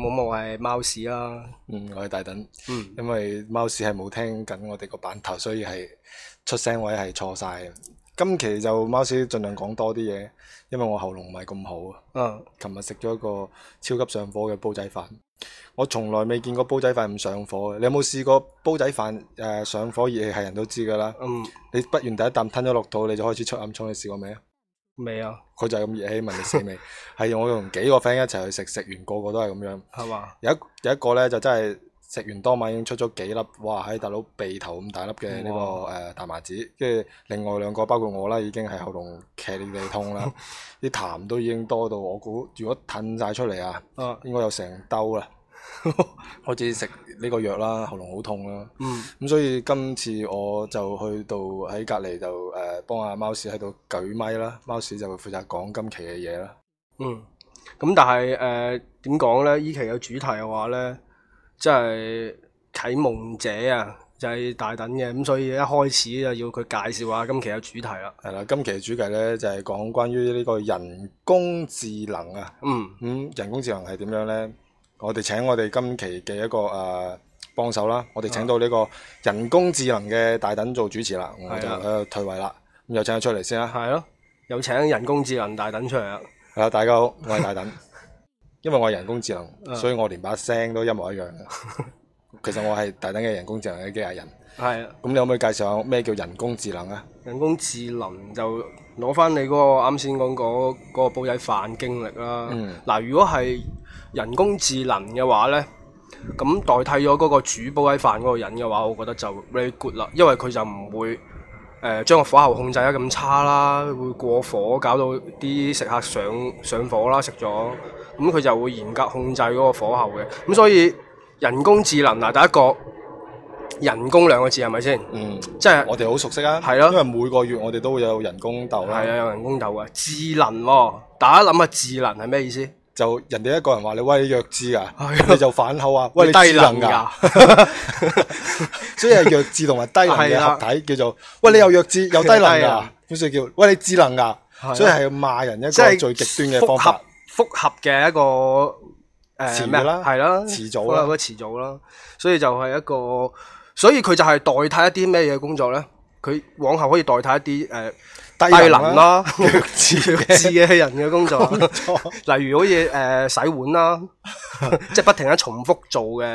冇冇係貓史啦，嗯，我係大躉，嗯，因為貓史係冇聽緊我哋個版頭，所以係出聲位係錯曬。今期就貓史盡量講多啲嘢，因為我喉嚨唔係咁好啊。嗯，琴日食咗一個超級上火嘅煲仔飯，我從來未見過煲仔飯唔上火，你有冇試過煲仔飯誒、呃、上火熱氣係人都知㗎啦。嗯，你不完第一啖吞咗落肚，你就開始出暗瘡，你試過未啊？未啊，佢就係咁熱氣，聞你死未？係 我同幾個 friend 一齊去食，食完個個都係咁樣。係嘛吧？有一有一個咧就真係食完當晚已經出咗幾粒，哇！喺大佬鼻頭咁大粒嘅呢、這個誒哇、呃、大麻子，跟住另外兩個、嗯、包括我啦，已經係喉嚨劇烈地痛啦，啲 痰都已經多到我估，如果吞曬出嚟，啊，應該有成兜啦 我只食呢個藥啦，喉嚨好痛啦。咁、嗯、所以今次我就去到喺隔籬就誒幫、呃、下貓屎喺度舉咪啦，貓屎就會負責講今期嘅嘢啦。嗯，咁但係誒點講咧？呃、呢期有主題嘅話咧，即係啟蒙者啊，就係大等嘅咁，所以一開始就要佢介紹下今期嘅主題啦。係啦，今期嘅主題咧就係、是、講關於呢個人工智能啊。嗯，咁、嗯、人工智能係點樣咧？我哋請我哋今期嘅一個誒幫、呃、手啦，我哋請到呢個人工智能嘅大躉做主持啦，啊、我就退位啦，咁又的請佢出嚟先啦。係咯，有請人工智能大躉出嚟啦。係啊，大家好，我係大躉， 因為我係人工智能，啊、所以我連把聲都一模一樣嘅。 其實我係大躉嘅人工智能嘅機械人。係啊的，咁你可唔可以介紹下咩叫人工智能啊？人工智能就～.攞翻你嗰、嗰個啱先講嗰個煲仔、嗰個、飯經歷啦，嗱、嗯、如果係人工智能嘅話咧，咁代替咗嗰個煮煲仔飯嗰個人嘅話，我覺得就 very good 啦，因為佢就唔會誒將個火候控制得咁差啦，會過火搞到啲食客上上火啦，食咗，咁佢就會嚴格控制嗰個火候嘅，咁所以人工智能嗱第一個。人工兩個字係咪先？嗯，即係我哋好熟悉啊。係啊，因為每個月我哋都會有人工豆啦。係啊，有人工豆啊，智能，大家諗下智能係咩意思？就人哋一個人話你喂，你弱智啊，你就反口話喂，你低能噶，所以叫弱智同埋低能嘅合體，叫做喂，你有弱智有低能噶，所以叫喂，你智能噶，所以係要罵人一個最極端嘅方法，複合複合嘅一個誒咩啦？係啦，遲早啦，嗰遲早啦，所以就係一個。所以佢就係代替一啲咩嘢工作呢？佢往後可以代替一啲誒、呃、低能啦、啊，智嘅、啊、 人嘅工作，工作例如好似誒、呃、洗碗啦、啊，即係 不停喺重複做嘅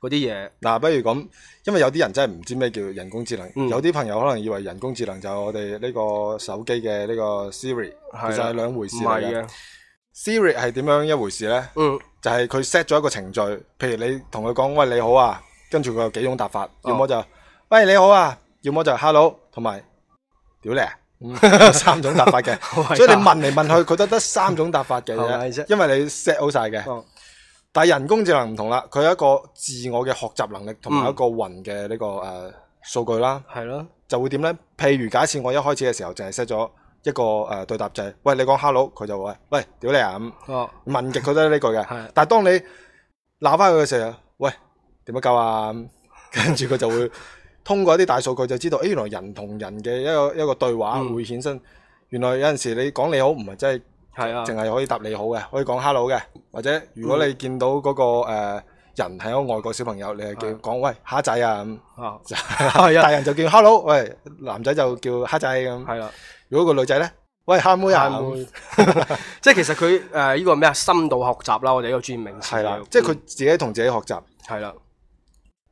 嗰啲嘢。嗱、啊，不如咁，因為有啲人真係唔知咩叫人工智能，嗯、有啲朋友可能以為人工智能就係我哋呢個手機嘅呢個 Siri，的其實係兩回事嚟嘅。Siri 係點樣一回事呢？嗯，就係佢 set 咗一個程序，譬如你同佢講，喂你好啊。跟住佢有幾種答法，哦、要麼就喂你好啊，要麼就 hello，同埋屌你三種答法嘅。 oh、God 所以你問嚟問去，佢都得三種答法嘅 因為你 set 好晒嘅。哦、但係人工智能唔同啦，佢有一個自我嘅學習能力，同埋一個雲嘅呢個誒數、呃、據啦。係咯、嗯，就會點呢？譬如假設我一開始嘅時候淨係 set 咗一個誒、呃、對答制，喂你講 hello，佢就會喂喂屌你啊咁。哦、問極佢都係呢句嘅。 的但係當你鬧翻佢嘅時候。點樣教啊？跟住佢就會通過一啲大數據就知道，誒，原來人同人嘅一個一個對話會衍生。原來有陣時你講你好唔係真係，係啊，淨係可以答你好嘅，可以講 hello 嘅。或者如果你見到嗰個誒人係一個外國小朋友，你係叫講喂蝦仔啊咁啊，大人就叫 hello，喂男仔就叫蝦仔咁。係啦，如果個女仔咧，喂蝦妹啊，即係其實佢誒呢個咩啊深度學習啦，我哋呢個專業名詞。係啦，即係佢自己同自己學習。係啦。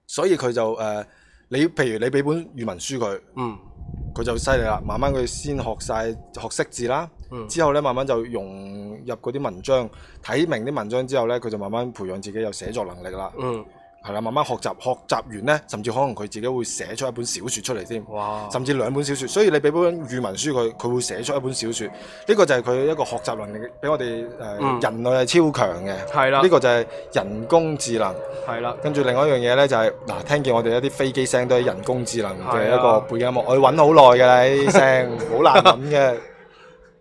所以佢就誒，你、呃、譬如你俾本語文書佢，佢、嗯、就犀利啦。慢慢佢先學曬學識字啦，嗯、之後咧慢慢就融入嗰啲文章，睇明啲文章之後咧，佢就慢慢培養自己有寫作能力啦。嗯係啦，慢慢學習，學習完呢，甚至可能佢自己會寫出一本小說出嚟先，甚至兩本小說。所以你俾本語文書佢，佢會寫出一本小說。呢個就係佢一個學習能力，俾我哋誒人類係超強嘅。係啦，呢個就係人工智能。係啦，跟住另外一樣嘢呢，就係嗱，聽見我哋一啲飛機聲都係人工智能嘅一個背景幕，我揾好耐噶啦，呢啲聲好難揾嘅，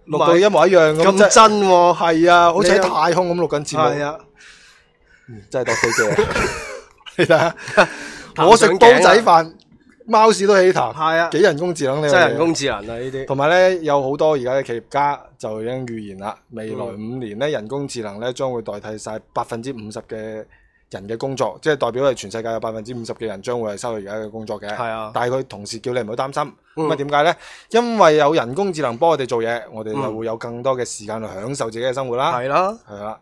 錄到一模一樣咁真。係啊，好似喺太空咁錄緊字幕。係啊，真係多飛機。啊、我食煲仔飯，貓屎都起痰。係啊，幾人工智能呢？即係人工智能啊！呢啲同埋呢，有好多而家嘅企業家就已經預言啦，未來五年呢，嗯、人工智能呢將會代替晒百分之五十嘅人嘅工作，即、就、係、是、代表係全世界有百分之五十嘅人將會係失去而家嘅工作嘅。係是啊，但係佢同時叫你唔好擔心，咁啊點解呢？因為有人工智能幫我哋做嘢，我哋就會有更多嘅時間去享受自己嘅生活啦。係啦，係啦，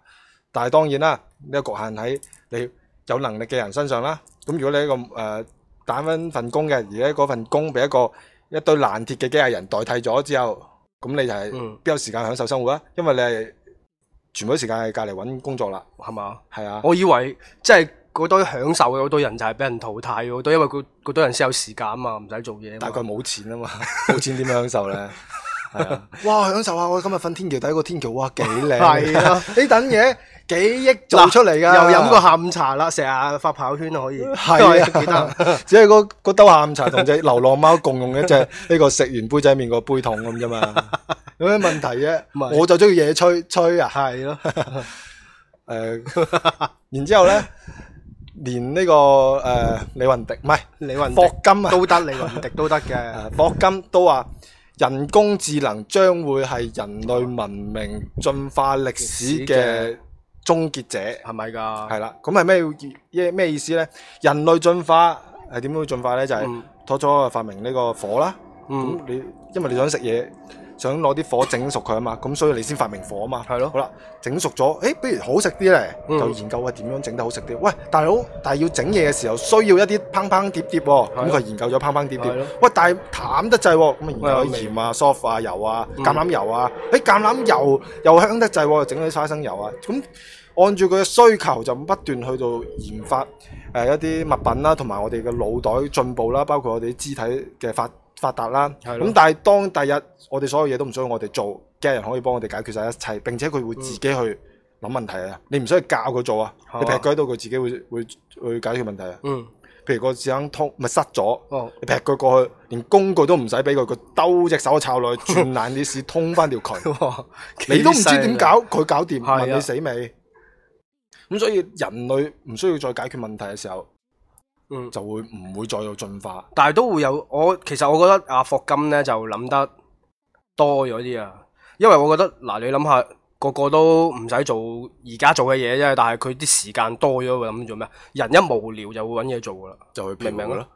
但係當然啦，呢、這個局限喺你，有能力嘅人身上啦，咁如果你、呃、一個誒打翻份工嘅，而家嗰份工俾一個一堆爛鐵嘅機械人代替咗之後，咁你就係邊有時間享受生活啊、就是？因為你係全部啲時間係隔籬搵工作啦，係嘛？係啊，我以為即係嗰堆享受嘅嗰堆人就係俾人淘汰嗰堆，因為嗰堆人先有時間啊嘛，唔使做嘢，大概冇錢啊嘛，冇 錢點樣享受咧？係 啊，哇享受下，我今日瞓天橋底個天橋，哇幾靚，係 啊， 你等嘢。 幾億做出嚟噶，又飲個下午茶啦，成日發朋友圈都可以。係啊，只係個兜下午茶同隻流浪貓共用一隻呢個食完杯仔麵個杯桶咁啫嘛，有咩問題啫？我就中意嘢吹吹啊，係咯。然之後咧，連呢個誒李雲迪唔係李雲霍金都得，李雲迪都得嘅。霍金都話人工智能將會係人類文明進化歷史嘅。終結者係咪㗎？係啦，咁係咩咩咩意思咧？人類進化係點樣進化咧？就係初初、嗯、發明呢個火啦，咁、嗯、你因為你想食嘢。想攞啲火整熟佢啊嘛，咁所以你先發明火啊嘛。係咯的。好啦，整熟咗，誒、欸，不如好食啲咧，嗯、就研究下點樣整得好食啲。喂，大佬，但係要整嘢嘅時候需要一啲烹烹碟碟喎、哦，咁佢的、啊、研究咗烹烹碟碟。的喂，但係淡得滯喎，咁研究啲鹽啊、soft 的啊、油啊、嗯、橄欖油啊。誒、欸，橄欖油，油香又香得滯喎，整啲沙生油啊。咁按照佢嘅需求就不斷去到研發一啲物品啦、啊，同埋我哋嘅腦袋進步啦、啊，包括我哋啲肢體嘅發發達啦，咁的但係當第日我哋所有嘢都唔需要我哋做，機器人可以幫我哋解決晒一切，並且佢會自己去諗問題啊！嗯、你唔需要教佢做啊，的你劈佢到佢自己會會會解決問題啊。嗯，譬如個紙箱通咪塞咗，失哦、你劈佢過去，連工具都唔使俾佢，佢兜隻手抄落去轉爛啲屎通翻條渠，你都唔知點搞，佢的搞掂，問你死未？咁的所以人類唔需要再解決問題嘅時候。嗯，就會唔會再有進化，嗯、但係都會有。我其實我覺得阿霍金呢，就諗得多咗啲啊，因為我覺得嗱、啊，你諗下個個都唔使做，現在做的事而家做嘅嘢啫，但係佢啲時間多咗，會諗做咩？人一無聊就會搵嘢做噶啦，就去明唔明啊？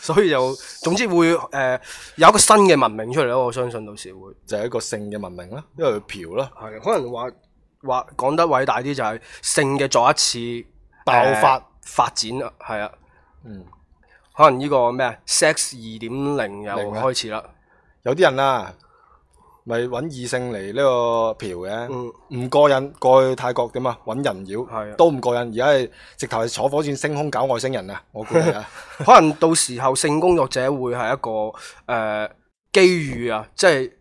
所以就總之會誒、呃、有一個新嘅文明出嚟咯，我相信到時會就係一個性嘅文明啦，因為嫖啦，可能話話講得偉大啲就係、是、性嘅再一次爆發。呃發展啊，係啊，嗯，可能呢個咩 sex 二點零又開始啦，有啲人啊，咪揾異性嚟呢個嫖嘅，嗯、唔過癮，過去泰國點啊，揾人妖，係啊都唔過癮，而家係直頭係坐火箭升空搞外星人啊，我估啊，可能到時候性工作者會係一個誒、呃、機遇啊，即係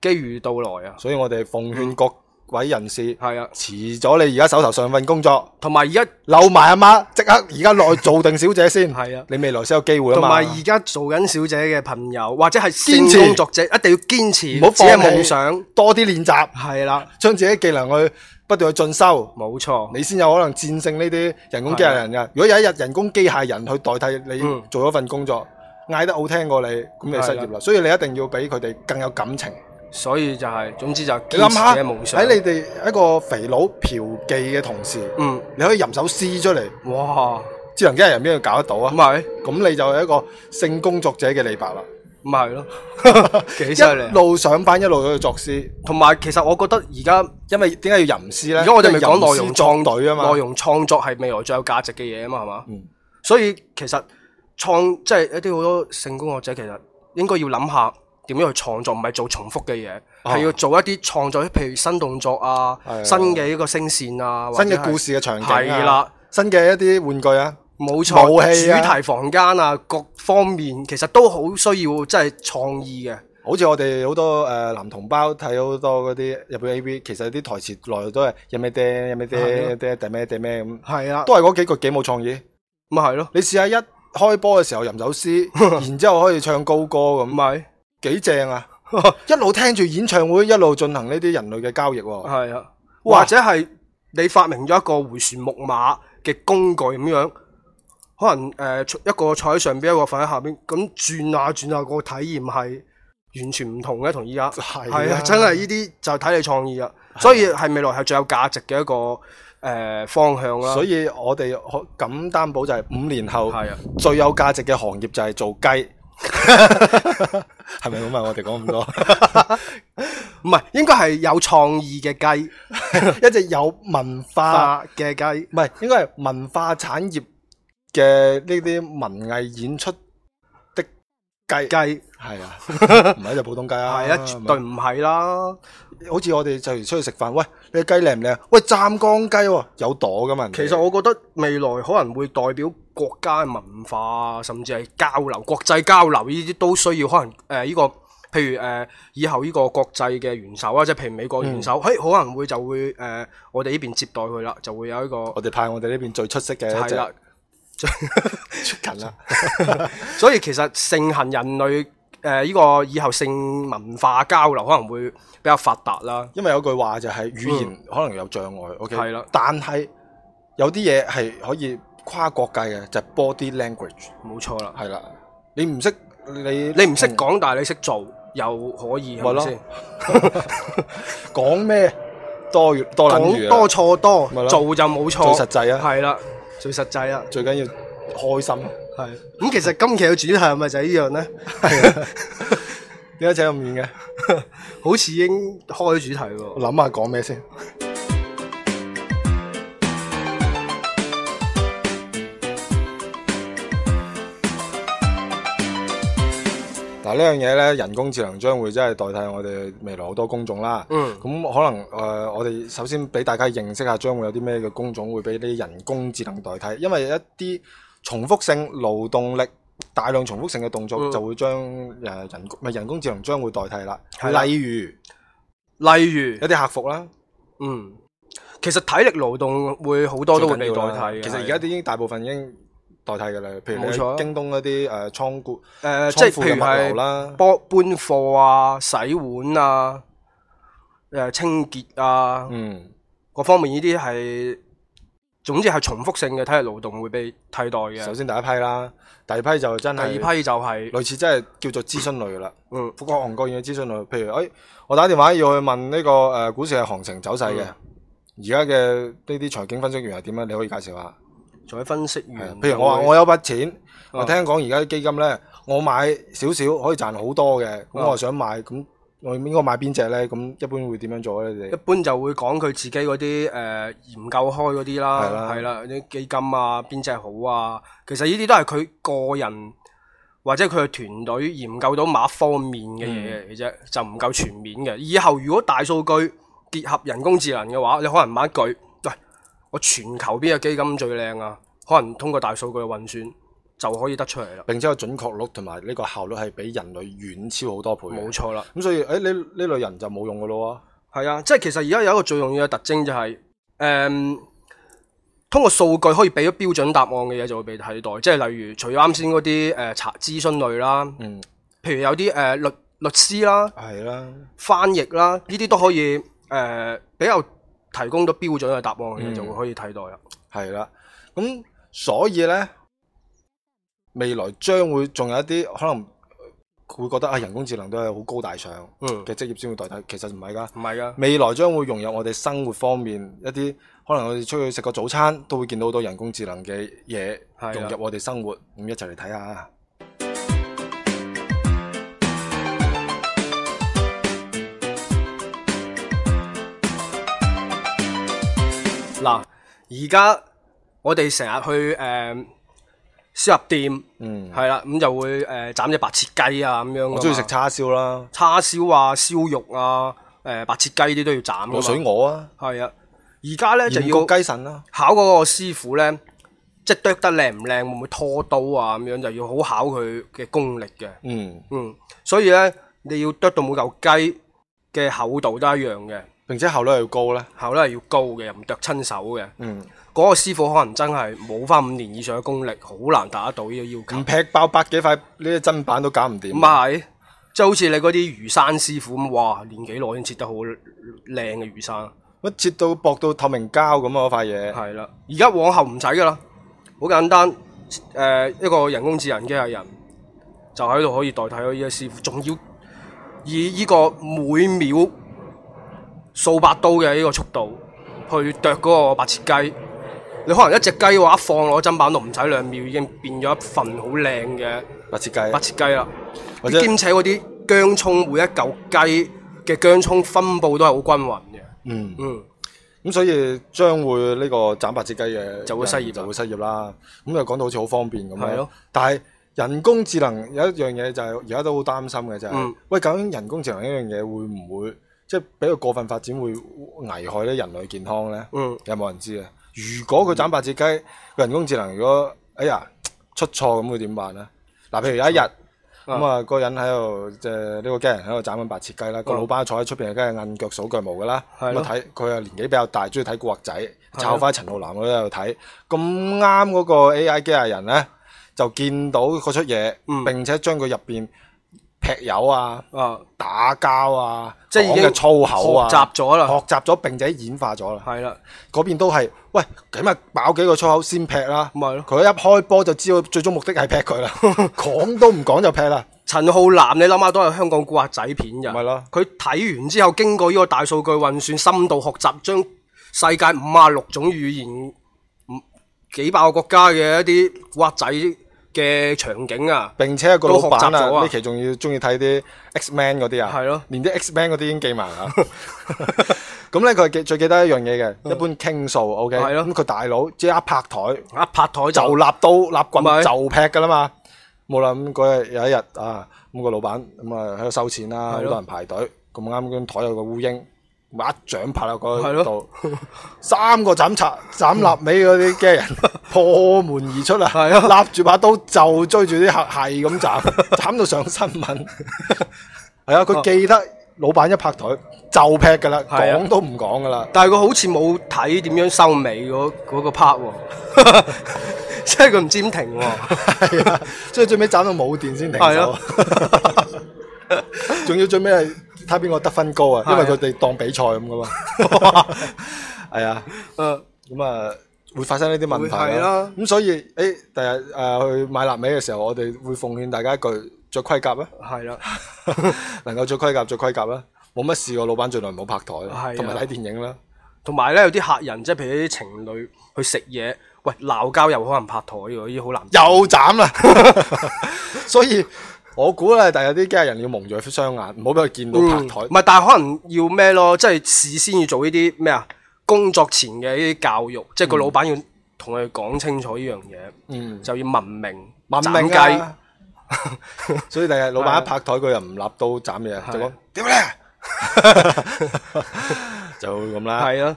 機遇到來啊，所以我哋奉勸各。各位人士係啊，辭咗你而家手頭上份工作，同埋而家扭埋阿媽，即刻而家落去做定小姐先。係啊，你未來先有機會嘛。同埋而家做緊小姐嘅朋友，或者係性工作者，一定要堅持，唔好放棄夢想，多啲練習係啦，將自己技能去不斷去進修。冇錯，你先有可能戰勝呢啲人工機械人嘅。如果有一日人工機械人去代替你做咗份工作，嗌得好聽過你，咁你失業啦。所以你一定要俾佢哋更有感情。所以就係，總之就堅持嘅夢想。喺你哋一個肥佬嫖妓嘅同時，嗯，你可以吟首詩出嚟。哇！智能機械人邊度搞得到啊？唔係，咁你就係一個性工作者嘅李白啦。唔係咯，幾犀利！一路上班一路都要作詩，同埋其實我覺得而家，因為點解要吟詩咧？如果我哋咪講內容創作啊嘛，內容創作係未來最有價值嘅嘢啊嘛，係嘛？嗯，所以其實創即係一啲好多性工作者，其實應該要諗下。點樣去創作？唔係做重複嘅嘢，係要做一啲創作，譬如新動作啊，新嘅一個聲線啊，新嘅故事嘅場景，係啦，新嘅一啲玩具啊，冇錯，主題房間啊，各方面其實都好需要，即係創意嘅。好似我哋好多誒男同胞睇好多嗰啲日本 AV，其實啲台詞內都係有咩啲，有咩啲，咩咩啲咩咁。係啊，都係嗰幾個幾冇創意。咪係咯，你試下一開波嘅時候吟首詩，然之後可以唱高歌咁。咪幾正啊！一路聽住演唱會，一路進行呢啲人類嘅交易。係 啊，或者係你發明咗一個回旋木馬嘅工具咁樣，可能誒，一個坐喺上邊，一個瞓喺下邊，咁轉下轉下，個體驗係完全唔同嘅，同依家係啊，啊真係呢啲就睇你創意啊。所以係未來係最有價值嘅一個誒、呃、方向啦。所以我哋可敢擔保就係五年後，係啊，最有價值嘅行業就係做雞。係咪咁問我哋講咁多？唔 係，應該係有創意嘅雞， 一隻有文化嘅雞，唔係化，應該係文化產業嘅呢啲文藝演出的雞雞，係啊，唔係一隻普通雞啊，係 啊，絕對唔係啦。好似我哋就如出去食飯，喂，你嘅雞靚唔靚？喂，湛江雞有朵噶嘛？其實我覺得未來可能會代表國家嘅文化甚至係交流、國際交流呢啲都需要可能誒，呢、呃這個譬如誒、呃，以後呢個國際嘅元首啊，即係譬如美國的元首，可、嗯、可能會就會誒、呃，我哋呢邊接待佢啦，就會有一個我哋派我哋呢邊最出色嘅係啦，了 出緊啦， 所以其實盛行人類。誒依個以後性文化交流可能會比較發達啦，因為有句話就係語言可能有障礙。O K，係啦，但係有啲嘢係可以跨國界嘅，就係 body language。冇錯啦，係啦，你唔識你你唔識講，但係你識做又可以，係咪先？講講咩多多，多錯多，做就冇錯。最實際啊！係啦，最實際啊！最緊要開心。係，咁、嗯、其實今期嘅主題係咪就係呢樣呢？係啊的，點解扯咁遠嘅？ 好似已經開了主題喎，諗下講咩先？嗱，呢樣嘢呢，人工智能將會真係代替我哋未來好多工種啦。嗯，咁可能誒、呃，我哋首先俾大家認識一下，將會有啲咩嘅工種會俾啲人工智能代替，因為一啲。重複性勞動力，大量重複性嘅動作就會將誒人工，唔係人工智能將會代替啦。的例如，例如有一啲客服啦，嗯，其實體力勞動會好多都會被代替。其實而家啲已經大部分已經代替嘅啦，的譬如京東一啲誒倉庫誒，即係譬如係搬搬貨啊、洗碗啊、誒、呃、清潔啊，嗯，各方面呢啲係。總之係重複性嘅體力勞動會被替代嘅。首先第一批啦，第二批就真係。第二批就係、是、類似真係叫做諮詢類啦。嗯，各行各業嘅諮詢類，譬如誒、欸，我打電話要去問呢、這個誒、呃、股市嘅行情走勢嘅，而家嘅呢啲財經分析員係點啊？你可以介紹下。財經分析員。譬如我話我有筆錢，嗯、我聽講而家啲基金咧，我買少少可以賺好多嘅，咁、嗯、我想買咁。我應該買邊隻呢？咁一般會點樣做呢？一般就會講佢自己嗰啲誒研究開嗰啲啦，係對啦，啦，啲基金啊邊隻好啊。其實呢啲都係佢個人或者佢嘅團隊研究到某一方面嘅嘢嚟嘅啫，嗯、就唔夠全面嘅。以後如果大數據結合人工智能嘅話，你可能買一句：喂，我全球邊個基金最靚啊？可能通過大數據嘅運算。就可以得出嚟啦，並且個準確率同埋呢個效率係比人類遠超好多倍。冇錯啦，咁所以誒呢呢類人就冇用噶咯喎。係啊，即係其實而家有一個最重要嘅特徵就係、是、誒、嗯、通過數據可以俾咗標準答案嘅嘢就會被替代，即係例如除啱先嗰啲誒查諮詢類啦，嗯，譬如有啲誒、呃、律律師啦，係啦、啊，翻譯啦，呢啲都可以誒、呃、比較提供到標準嘅答案嘅嘢、嗯、就會可以替代啦。係啦、啊，咁所以咧。未來將會仲有一啲可能會覺得啊，人工智能都係好高大上嘅職業先會代替，嗯、其實唔係噶，唔係噶。未來將會融入我哋生活方面一啲可能我哋出去食個早餐都會見到好多人工智能嘅嘢融入我哋生活，咁的、嗯、一齊嚟睇下嗱，而家、啊、我哋成日去誒。呃燒肉店，係啦、嗯，咁就會誒斬隻白切雞啊咁樣。我中意食叉燒啦，叉燒啊、燒肉啊、誒、呃、白切雞啲都要斬。滷水鵝啊，係啊，而家咧就要。鹽焗雞神啦，考嗰個師傅咧，即剁得靚唔靚，會唔會拖刀啊咁樣，就要好考佢嘅功力嘅。嗯，嗯，所以咧，你要剁到每嚿雞嘅厚度都一樣嘅。並且效率要高咧，效率係要高嘅，又唔剁親手嘅。嗯，嗰個師傅可能真係冇翻五年以上嘅功力，好難達得到呢個要求。唔劈爆百幾塊呢啲砧板都搞唔掂。唔係，即係好似你嗰啲魚生師傅咁，哇，練幾耐先切得好靚嘅魚生，咁切到薄到透明膠咁啊塊嘢。係啦，而家往後唔使噶啦，好簡單，誒、呃，一個人工智能機械人就喺度可以代替到呢個師傅，仲要以呢個每秒，數百刀嘅呢個速度去剁嗰個白切雞，你可能一隻雞嘅話一放落砧板度，唔使兩秒已經變咗一份好靚嘅白切雞。白切雞啦，兼且嗰啲薑蔥，每一嚿雞嘅薑蔥分布都係好均匀嘅。嗯嗯，咁、嗯、所以將會呢個斬白切雞嘅就會失業，就會失業啦。咁就講到好似好方便咁樣，的但係人工智能有一樣嘢就係而家都好擔心嘅就係，喂、嗯，究竟人工智能呢樣嘢會唔會？即係比較過分發展會危害咧人類健康咧，嗯、有冇人知啊？如果佢斬白切雞，嗯、人工智能如果哎呀出錯咁會點辦呢啊？嗱，譬如有一日咁啊，錯嗯、個人喺度即係呢個機器人喺度斬緊白切雞啦，嗯、個老闆坐喺出邊，梗係摁腳數腳毛噶啦，咁睇佢又年紀比較大，中意睇古惑仔，抄翻陳浩南嗰度睇，咁啱嗰個 A.I. 機械人咧就見到嗰出嘢，並且將佢入邊。劈友啊，啊、嗯、打交啊，即係已經係粗口啊，學習咗啦，學習咗並且演化咗啦，係啦的，嗰邊都係，喂，咁啊，爆幾個粗口先劈啦、啊，咁係咯，佢一開波就知道最終目的係劈佢啦，講是的 都唔講就劈啦。陳浩南，你諗下都係香港古惑仔片嘅，咪咯的，佢睇完之後經過呢個大數據運算深度學習，將世界五啊六種語言，幾百個國家嘅一啲古惑仔。嘅場景啊，並且一個老闆啊，呢期仲要中意睇啲 X Man 嗰啲啊，係咯，啊、的連啲 X Man 嗰啲已經記埋啦。咁咧佢係最記得一樣嘢嘅， 一般傾訴 OK，咁佢的大佬即係一拍台，一拍台就，就立刀立棍是就劈㗎啦嘛。冇啦，咁嗰日有一日啊，咁、那個老闆咁啊喺度收錢啦、啊，好的多人排隊，咁啱張台有個烏蠅。一掌拍落去，三個斬賊斬立尾嗰啲嘅人、嗯、破門而出啦、啊，立住、啊、把刀就追住啲客係咁斬，斬到上新聞。係啊，佢呵記得老闆一拍台、啊、就劈噶啦，講、啊、都唔講噶啦。但係佢好似冇睇點樣收尾嗰個 part，即係佢唔知點停。係啊，係、 啊啊、最尾斬到冇電先停。係仲、啊、 要最尾係。睇邊個得分高啊！因為佢哋當比賽咁噶嘛，係是啊， 啊，呃、嗯，咁啊會發生呢啲問題咯、啊。咁是、啊嗯、所以誒，第日誒去買臘味嘅時候，我哋會奉勸大家一句：着盔甲啦、啊。係啦，能夠着盔甲，着盔甲啦、啊，冇乜事。個老闆盡量唔好拍台，同埋睇電影啦、啊。同埋咧，有啲客人即係譬如啲情侶去食嘢，喂鬧交又可能拍台喎，依好難，又斬啦。 所以。我估咧，但係有啲家人要蒙住佢雙眼，唔好俾佢見到拍台、嗯。唔係，但係可能要咩咯？即係事先要做呢啲咩啊？工作前嘅呢啲教育，嗯、即係個老闆要同佢講清楚呢樣嘢，嗯、就要文明文明斬雞。所以第日老闆一拍台，佢又唔立刀斬嘢，就講點咧？點樣呢？就咁啦。係咯。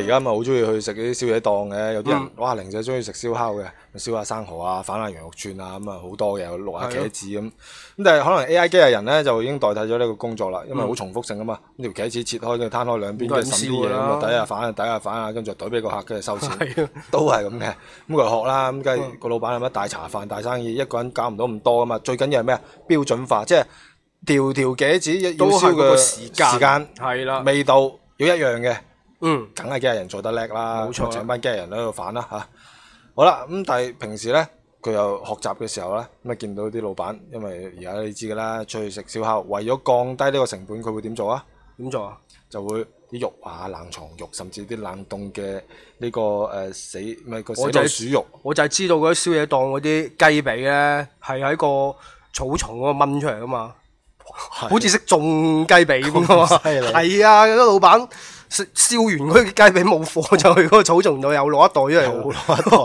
而家咪好中意去食啲燒嘢檔嘅，有啲人、嗯、哇零仔中意食燒烤嘅，燒下生蠔啊、反下羊肉串啊，咁啊好多嘅，落下茄子咁。咁的但係可能 A I 機嘅人咧就已經代替咗呢個工作啦，嗯、因為好重複性啊嘛。呢條茄子切開，佢攤開兩邊嘅滲啲嘢，咁啊，底下反啊，底下反啊，跟住就對俾個客，跟住收錢，是的都係咁嘅。咁佢學啦，咁梗係個老闆有乜大茶飯、大生意，一個人搞唔到咁多噶嘛。最緊要係咩啊？標準化，即係條條茄子要燒個時間，係啦，是是的味道要一樣嘅。嗯，梗係機械人做得叻啦，冇錯，請班機械人喺度反啦嚇。好啦，咁但係平時咧，佢又學習嘅時候咧，咁啊見到啲老闆，因為而家你知噶啦，出去食燒烤，為咗降低呢個成本，佢會點做，做啊？點做啊？就會啲肉啊，冷藏肉，甚至啲冷凍嘅呢、呢個誒、呃、死，唔係個死老鼠、就係、肉。我就係知道嗰啲宵夜檔嗰啲雞髀咧，係喺個草叢嗰度掹出嚟噶嘛，是好似識種雞髀咁 啊！係啊，嗰個老闆。燒完佢嘅雞髀冇貨，就去嗰個草叢度又攞一,一袋，嚟， 又攞一袋，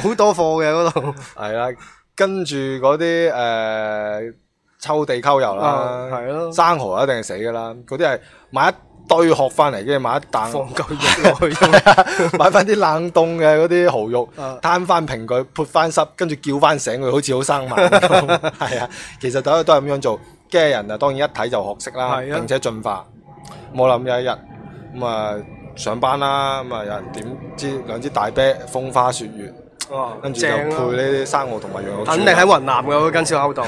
好多貨嘅嗰度。係啦，跟住嗰啲誒，抽地溝油啦，生蠔一定係死噶啦。嗰啲係買一堆殼翻嚟，跟住買一啖，放夠肉落去，買翻啲冷凍嘅嗰啲蠔肉，攤翻平佢，潑翻濕，跟住叫翻醒佢，好似好生猛。係 啊，其實大家都係咁樣做，驚人啊，當然一睇就學識啦，啊、並且進化，冇諗有一日。咁啊上班啦，咁啊有人點支兩支大啤，風花雪月，跟住、哦、就配呢啲生蠔同埋羊肉。肯定喺雲南嘅嗰間燒烤檔。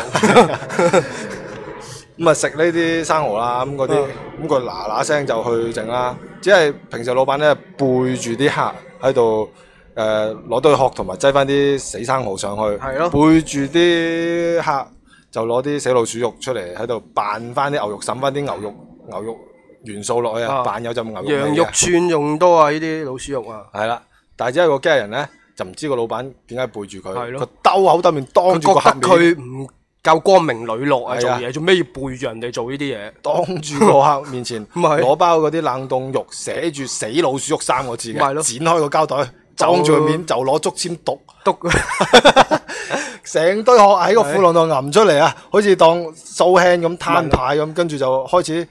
咁啊食呢啲生蠔啦，咁嗰啲咁佢嗱嗱聲就去整啦。只係平時老闆咧背住啲客喺度，誒攞對殼同埋擠翻啲死生蠔上去。係咯的，背住啲客就攞啲死老鼠肉出嚟喺度扮翻啲牛肉，審翻啲牛肉，牛肉，元素落去啊，扮有浸牛羊肉串仲多啊，呢啲老鼠肉啊。係啦，但係只係個機械人咧，就唔知個老闆點解背住佢。係咯。個兜口兜面當住個客佢唔夠光明磊落啊，做嘢做咩要背住人哋做呢啲嘢？當住個客面前攞包嗰啲冷凍肉，寫住死老鼠肉三個字嘅，剪開個膠袋，當住面就攞竹簽篤篤，成堆殼喺個褲浪度揞出嚟啊！好似當掃咁攤牌咁，跟住就開始。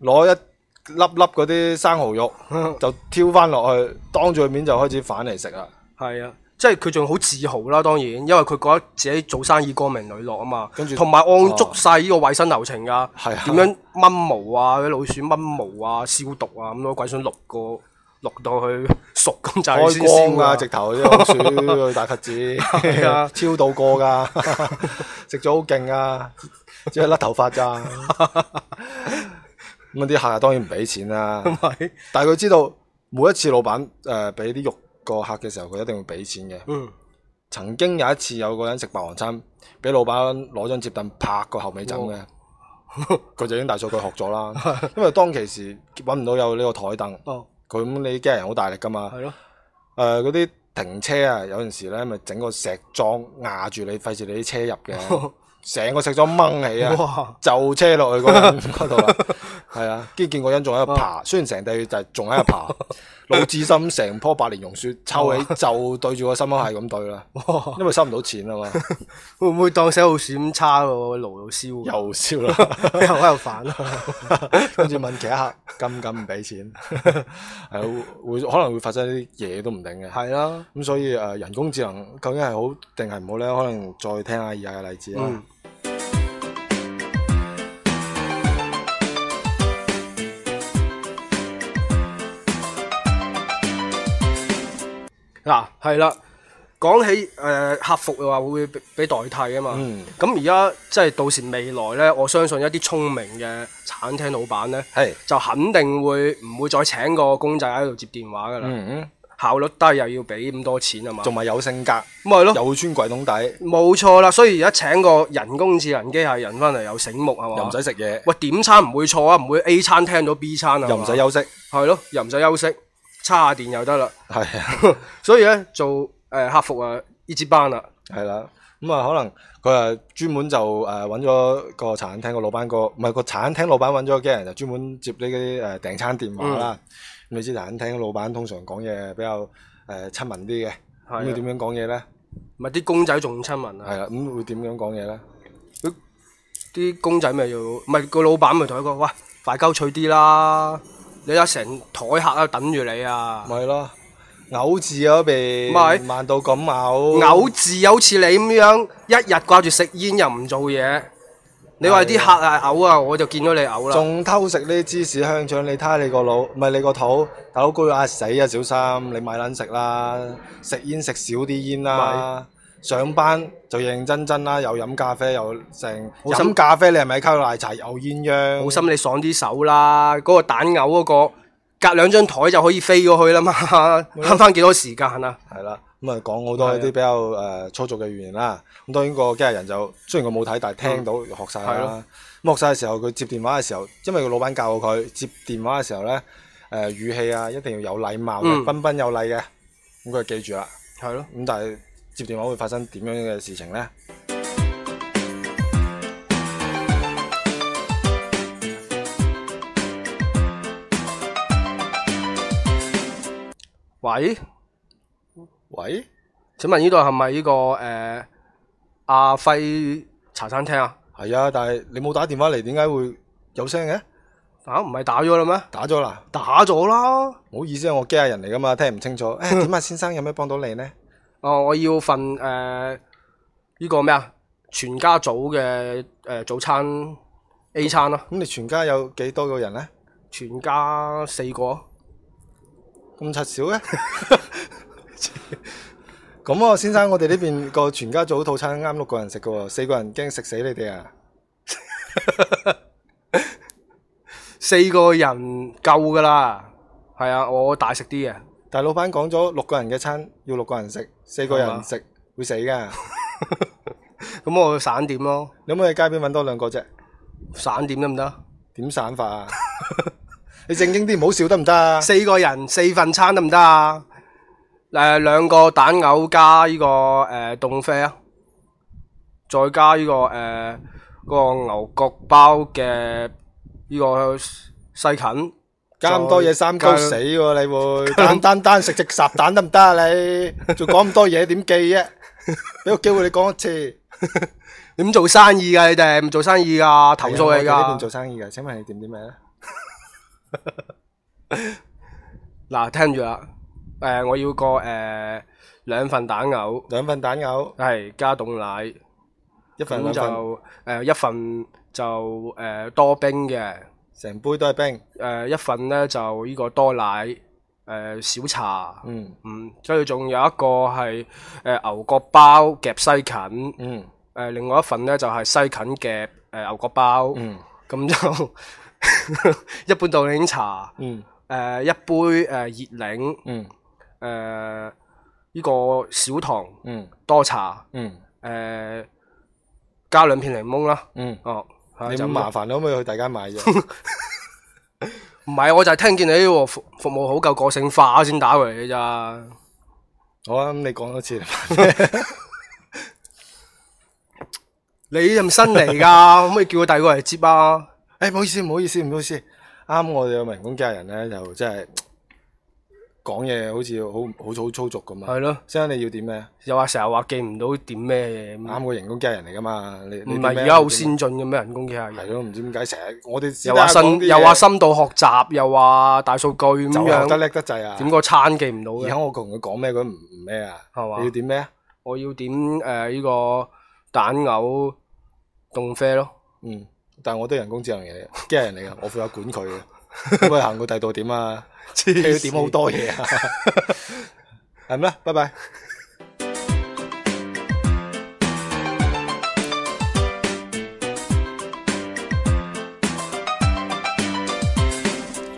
攞一粒粒嗰啲生蠔肉， 就挑翻落去，當住佢面就開始反嚟食啦。係啊，即係佢仲好自豪啦、啊，當然，因為佢覺得自己做生意光明磊落啊嘛，跟住同埋按足晒呢個衞生流程噶，點、啊啊、樣掹毛啊、啲老鼠掹毛啊、消毒啊，咁鬼想錄個錄到佢熟咁就係。開光啊！直頭老鼠去大吉子，超到過噶，食咗好勁啊！ 過 只係甩頭髮咋～ 咁啲客當然唔俾錢啦，是但係佢知道每一次老闆誒俾啲肉個客嘅時候，佢一定會俾錢嘅。嗯、曾經有一次有一個人食霸王餐，俾老闆攞張折凳拍個後尾枕嘅，佢、嗯、就已經大數據學咗啦。 因為當其時揾唔到有呢個台凳，佢咁、哦、你驚人好大力噶嘛？係咯的。嗰啲、呃、停車啊，有陣時咧咪整個石樁壓住你，費事你啲車入嘅，成、哦、個石樁掹起啊，哇就車落去嗰嗰度啦。 係啊，跟住見嗰人仲喺度爬，雖然成地就係仲喺度爬。魯智深成棵百年榕樹抽起，就對住個心口係咁對啦。因為收唔到錢啊嘛，會唔會當死老鼠咁叉個爐燒？又燒啦，又喺度煩，跟住問其他客，咁敢唔俾錢？係會可能會發生啲嘢都唔定嘅。係啦，咁所以誒人工智能究竟係好定係唔好咧？可能再聽下以下嘅例子啦。嗱，係啦、啊，講起誒、呃、客服嘅話會會被，會唔會俾代替啊嘛？咁而家即係到時未來呢，我相信一啲聰明嘅餐廳老闆呢，係是就肯定會唔會再請個公仔喺度接電話噶啦？嗯嗯、效率低又要俾咁多錢啊嘛？仲埋有性格咁係咯，又尊穿櫃桶底，冇錯啦。所以而家請個人工智能機械人翻嚟又醒目係嘛？又唔使食嘢，喂點餐唔會錯啊，唔會 A 餐廳到 B 餐又唔使休息，係咯，又唔使休息。插下電又得啦，係、啊、呵所以咧做誒、呃、客服啊，一支班啦，係、嗯、啦，咁啊可能佢啊專門就誒揾咗個茶餐廳個老闆個，唔係個茶餐廳老闆揾咗個人就專門接呢啲誒訂餐電話啦。嗯嗯、你知茶餐廳老闆通常講嘢比較誒親、呃、民啲嘅，咁點樣講嘢咧？唔係啲公仔仲親民啊？係啊，咁、嗯、會點樣講嘢咧？啲、呃、公仔咪要，唔係、個老闆咪同佢講，喂，快交脆啲啦！你有成台客啊，等住你啊！咪咯，嘔字嗰邊，唔係，慢到咁嘔。嘔字好似你咁樣，一日掛住食煙又唔做嘢。你話啲客啊嘔啊，的我就見到你嘔啦。仲偷食啲芝士香腸，你睇下你個腦，唔係你個肚。大佬高壓死啊，小心你買撚食啦！食煙食少啲煙啦。上班就認認真真啦，又飲咖啡，又成飲咖啡。你係咪喺溝奶茶？又鴛鴦好心，你爽啲手啦。嗰、那個蛋牛嗰、那個隔兩張台就可以飛過去啦嘛，慳翻幾多時間啊？係啦，咁啊講好多一啲比較誒粗俗嘅語言啦。咁、嗯、當然個機械人就雖然佢冇睇，但係聽到、嗯、學曬啦、啊。了學晒嘅時候，佢接電話嘅時候，因為個老闆教佢接電話嘅時候呢，誒、呃、語氣啊一定要有禮貌，彬彬有禮嘅。咁佢、嗯、記住啦。係咯了，咁但接電話會發生點樣嘅事情呢？喂喂，喂，請問呢度係咪呢個誒、呃、阿輝茶餐廳啊？係啊，但係你冇打電話嚟，點解會有聲嘅？啊，唔係打咗啦咩？打咗啦，打咗啦。唔好意思啊，我驚下人嚟㗎嘛，聽唔清楚。誒、哎，點啊， 先生有咩幫到你呢？哦，我要份誒呢、呃這個咩啊？全家組嘅誒、呃、早餐 A 餐咯。咁你全家有幾多個人咧？全家四個，咁柒少嘅？咁 啊，先生，我哋呢邊個全家組套餐啱六個人食嘅，四個人驚食死你哋啊！ 四個人夠噶啦，係啊，我大食啲嘅。但老闆講咗六個人嘅餐要六個人食，四個人食嗎會死噶。咁、 嗯、我去散點咯。你可唔可以喺街邊搵多兩個啫？散點得唔得？點散法啊？ 你正經啲唔好笑得唔得啊？四個人四份餐得唔得啊？誒、呃，兩個蛋牛加呢、這個誒、呃、凍啡啊，再加呢、這個誒、呃那個牛角包嘅呢、這個西芹。加咁多嘢三高死喎你，加、啊、你，會簡單單食隻烚蛋得唔得啊？你仲講咁多嘢點記啊？俾 個機會你講一次，點 做生意噶？你哋唔做生意噶？投訴你噶？喺呢邊做生意㗎！請問你點點咩咧？嗱， 聽住啦，誒，我要個誒兩、呃、份蛋牛，兩份蛋牛係加凍奶一份份、呃，一份就誒一份就誒多冰嘅。成杯都係冰，誒、呃，一份咧就依個多奶，誒、呃，少茶，嗯，嗯，跟住仲有一個係誒、呃、牛角包夾西芹，嗯，誒、呃，另外一份咧就係、是、西芹夾誒牛角包，嗯，咁樣就 一杯凍檸茶，嗯，誒、呃，一杯誒熱、呃、檸，嗯，誒、呃，呢個少糖，嗯，多茶，嗯，誒、呃，加兩片檸檬啦，嗯，哦、嗯。你就麻煩咯，你可唔可以去大家買啫？唔係， 我就係聽見你呢個服務好夠個性化先打過嚟嘅咋。好啊，咁你講多次。你係 新嚟噶？ 可唔可以叫個第二個嚟接啊？誒、哎，唔好意思，唔好意思，唔好意思。啱，我哋有民工家人咧，就真係。講嘢好似好好好粗俗咁啊！係咯，即係你要點咩？又話成日話記唔到點咩嘢？啱個人工機械人嚟噶嘛？唔係而家好先進嘅咩人工機械人？係咯，唔知點解成日我哋又話深又話深度學習，又話大數據咁樣，做得叻得滯啊！點個餐記唔到嘅？而家我同佢講咩，佢唔唔咩啊？係嘛？你要點咩啊？我要點誒呢個蛋牛凍啡咯。嗯，但係我都係人工智能嚟嘅，機器人嚟嘅，我負責管佢嘅，因為行到第度點啊？你要點好多嘢啊，係咪咧？拜拜。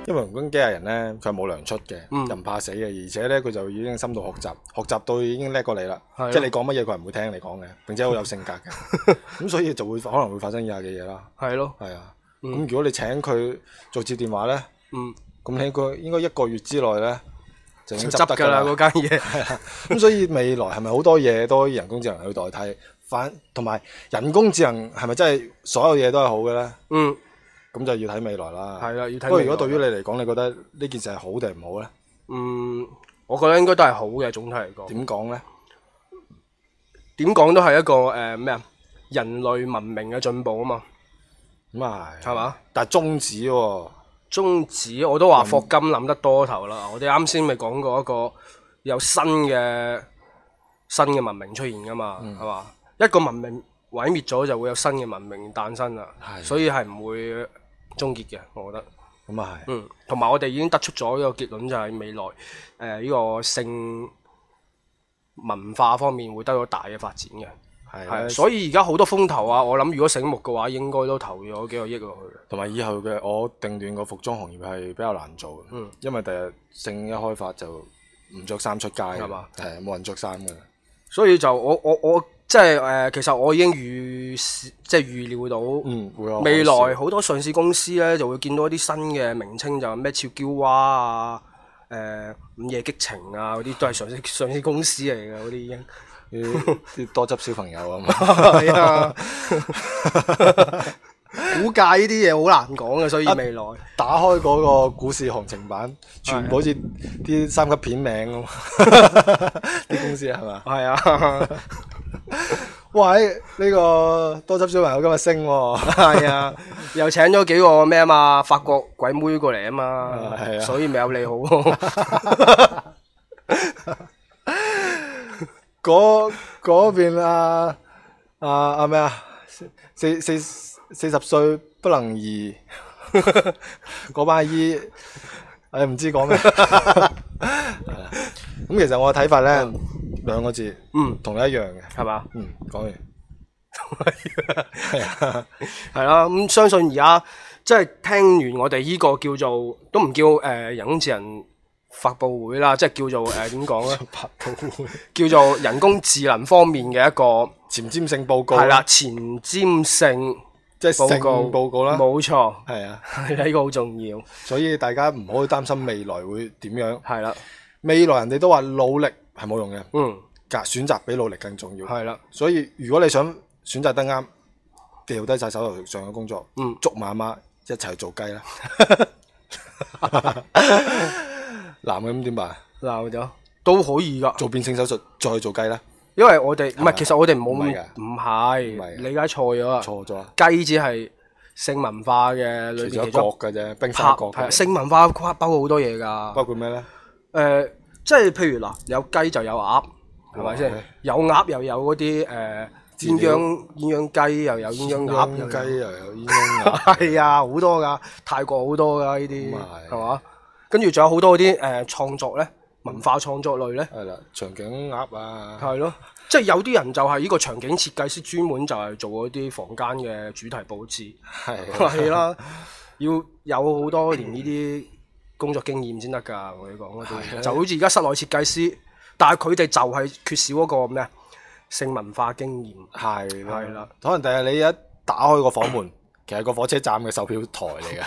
因為有人工機械人咧，佢係冇糧出嘅，又唔、嗯、怕死嘅，而且咧佢就已經深度學習，學習到已經叻過你啦。即係的你講乜嘢，佢係唔會聽你講嘅，並且好有性格嘅。咁、嗯、 所以就會可能會發生以下嘅嘢啦。係咯，係啊。咁如果你請佢做接電話咧，嗯。咁你個應該一個月之內咧就執得噶啦嗰間嘢，咁 所以未來係咪好多嘢都可以人工智能去代替？反同埋人工智能係咪真係所有嘢都係好嘅咧？嗯，咁就要睇未來啦。係啦，要睇。但如果對於你嚟講，你覺得呢件事係好定唔好咧？嗯，我覺得應該都係好嘅，總體嚟講。點講咧？點講都係一個誒咩啊？人類文明嘅進步啊嘛。咁係是，係嘛吧？但係宗旨喎。終止我都話霍金諗得多頭啦。我哋啱先咪講過一個有新嘅新嘅文明出現㗎嘛，係嘛？嗯、一個文明毀滅咗就會有新嘅文明誕生啦，是的 所以係唔會終結嘅。我覺得咁啊，係就嗯，同埋我哋已經得出咗一個結論，就係未來呢、呃呢個性文化方面會得到大嘅發展嘅。係，所以而家好多風投啊！我諗如果醒目嘅話，應該都投咗幾個億落去。同埋以後嘅我定斷個服裝行業係比較難做嘅，嗯，因為第日性一開發就唔着衫出街，係嘛吧，係冇人着衫㗎，所以就我我我即係誒、呃，其實我已經預即係預料到，嗯，未來好多上市公司咧就會見到一啲新嘅名稱，就咩俏嬌娃啊，誒、呃，午夜激情啊，嗰啲都係上市 上市公司嚟嘅，嗰啲已經。要 多執小朋友啊嘛，係 啊， 估計呢啲嘢，好難講嘅，所以未來打開嗰個股市行情版， 啊、全部好似啲三級片名咁，啲 公司係咪？係 啊，哇！呢、這個多執小朋友今日升，啊，係 啊，又請咗幾個咩啊嘛，法國鬼妹過嚟啊嘛，係 啊，啊所以咪有利好。 嗰嗰邊啊，咩啊，啊，啊四四四十歲不能移，嗰 班阿姨，誒、哎、唔知講咩，咁 其實我嘅睇法咧兩、嗯、個字，嗯，同你一樣嘅，係嘛吧，嗯，講完，係 啊，係啦、 啊，咁相信而家即係聽完我哋依個叫做都唔叫誒、呃、影子人。發佈會啦，即係叫做誒點講呢？叫做人工智能方面嘅一個前瞻性報告，係啦，前瞻性即係報告啦，冇錯，係啊，呢個好重要，所以大家唔好擔心未來會點樣，係啦。未來人哋都話努力係冇用嘅，嗯，但選擇比努力更重要係啦。所以如果你想選擇得啱，掉低晒手頭上嘅工作，嗯，捉媽媽一齊做雞啦。男嘅咁點辦？鬧咗都可以噶，做變性手術再做雞啦。因為我哋唔係，其實我哋唔好咁，唔係理解錯咗啦。錯咗雞只係性文化嘅裏邊其中一角啫，並非角，性文化包括好多嘢噶。包括咩咧？誒，即係譬如嗱，有雞就有鴨，係咪先？有鴨又有嗰啲誒，鴛鴦鴛鴦雞又有鴛鴦鴨，雞又有鴛鴦鴨，係啊，好多噶，泰國好多噶呢啲，係嘛？跟住仲有好多嗰啲誒創作咧，文化創作類咧，係啦，場景鴨啊，啊，係咯，即係有啲人就係呢個場景設計師，專門就係做嗰啲房間嘅主題佈置，係啦的，要有好多年呢啲工作經驗先得㗎。我講嗰啲就好似而家室內設計師，但係佢哋就係缺少嗰個咩？性文化經驗，係係啦，的的可能第日你一打開個房門， 其實係個火車站嘅售票台嚟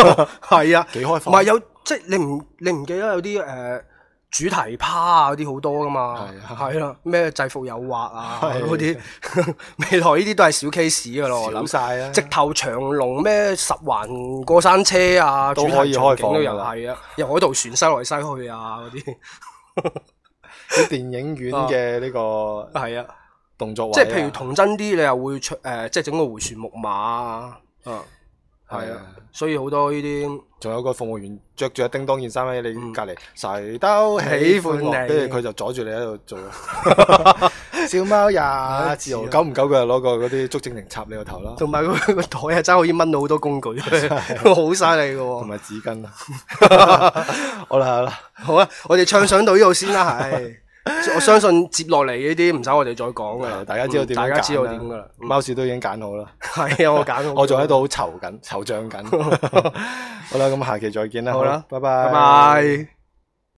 㗎，係啊 的，幾開放，唔係有。即係你唔你唔記得有啲誒主題趴啊啲，好多噶嘛係啦，咩制服誘惑啊嗰啲，未來呢啲都係小 case 噶咯，諗晒啦，直頭長隆咩十環過山車啊都可以開放啦，又係啊，又喺度船西來西去啊嗰啲，啲電影院嘅呢個係啊動作，即係譬如童真啲，你又會出誒即係整個回旋木馬啊係啊，所以好多呢啲，仲有個服務員着住阿叮當件衫喺你隔籬，成兜喜歡你，跟住佢就阻住你喺度做。小貓呀，自久唔久佢就攞個嗰啲竹蜻蜓插你個頭啦。同埋個袋台啊，真係可以掹到好多工具，好嘥你嘅喎。同埋紙巾啦。好啦好啦，好啊，我哋暢想到呢度先啦，係。我相信接落嚟呢啲唔使我哋再講噶啦，大家知道點、啊，大家知道點噶啦，了貓史都已經揀好啦。係啊、嗯， 我揀好， 我仲喺度好愁緊，愁獎緊。好啦，咁下期再見啦。好啦，拜拜。